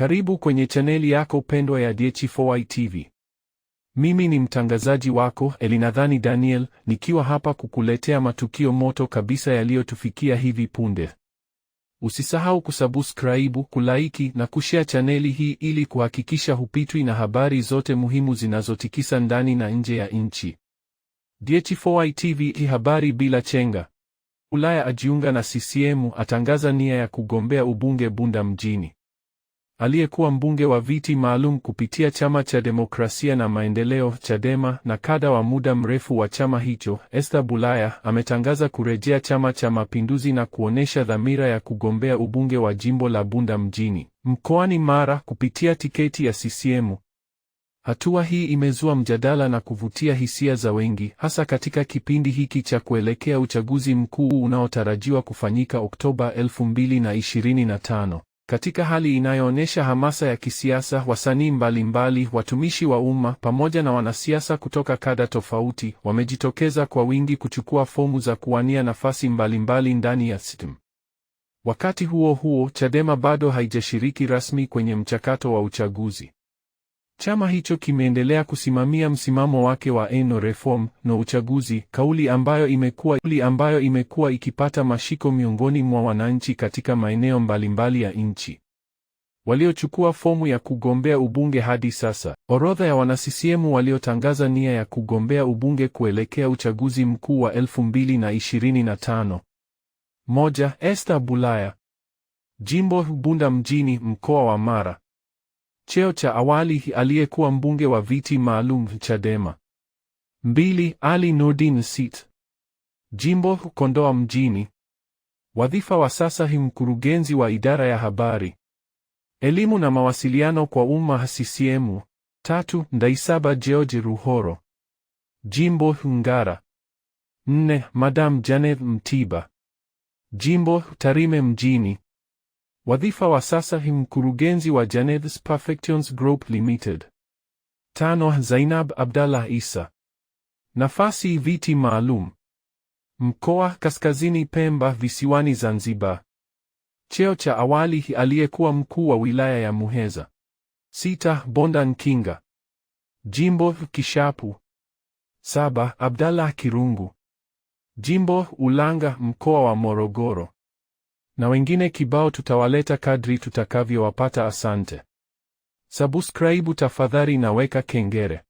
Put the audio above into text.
Karibu kwenye chaneli yako pendwa ya DH4Y TV. Mimi ni mtangazaji wako Elinadhani Daniel, nikiwa hapa kukuletea matukio moto kabisa yaliyotufikia hivi punde. Usisahau kusubscribe, kulaiki na kushare chaneli hii ili kuhakikisha hupitwi na habari zote muhimu zinazotikisa ndani na nje ya nchi. DH4Y TV, habari bila chenga. Ulaya ajiunga na CCM, atangaza nia ya kugombea ubunge Bunda mjini aliyekuwa mbunge wa viti maalum kupitia chama cha demokrasia na maendeleo Chadema na kada wa muda mrefu wa chama hicho, Esther Bulaya ametangaza kurejea Chama cha Mapinduzi na kuonesha dhamira ya kugombea ubunge wa jimbo la Bunda mjini mkoani Mara kupitia tiketi ya CCM. Hatua hii imezua mjadala na kuvutia hisia za wengi, hasa katika kipindi hiki cha kuelekea uchaguzi mkuu unaotarajiwa kufanyika Oktoba 2025. Katika hali inayoonyesha hamasa ya kisiasa, wasanii mbalimbali, watumishi wa umma pamoja na wanasiasa kutoka kada tofauti wamejitokeza kwa wingi kuchukua fomu za kuwania nafasi mbalimbali ndani ya STM. Wakati huo huo, Chadema bado haijashiriki rasmi kwenye mchakato wa uchaguzi. Chama hicho kimeendelea kusimamia msimamo wake wa eno reform no uchaguzi, kauli ambayo imekuwa ambayo imekuwa ikipata mashiko miongoni mwa wananchi katika maeneo mbalimbali ya nchi. Waliochukua fomu ya kugombea ubunge hadi sasa, orodha ya wanasisiemu waliotangaza nia ya kugombea ubunge kuelekea uchaguzi mkuu wa 2025. Moja, Esther Bulaya, jimbo Bunda mjini, mkoa wa Mara cheo cha awali aliyekuwa mbunge wa viti maalum Chadema. mbili. Ali Nurdin Sit, jimbo Kondoa Mjini. Wadhifa wa sasa hi mkurugenzi wa idara ya habari, elimu na mawasiliano kwa umma CCM. tatu. Ndaisaba George Ruhoro, jimbo Ngara. nne. Madam Janeth Mtiba, jimbo Tarime Mjini. Wadhifa wa sasa ni mkurugenzi wa Janeth's Perfections Group Limited. Tano, Zainab Abdallah Isa. Nafasi: viti maalum. Mkoa: Kaskazini Pemba, visiwani Zanzibar. Cheo cha awali: aliyekuwa mkuu wa wilaya ya Muheza. Sita, Bonda Nkinga. Jimbo: Kishapu. Saba, Abdallah Kirungu. Jimbo: Ulanga, mkoa wa Morogoro na wengine kibao tutawaleta kadri tutakavyowapata. Asante, subscribe tafadhali, weka kengere.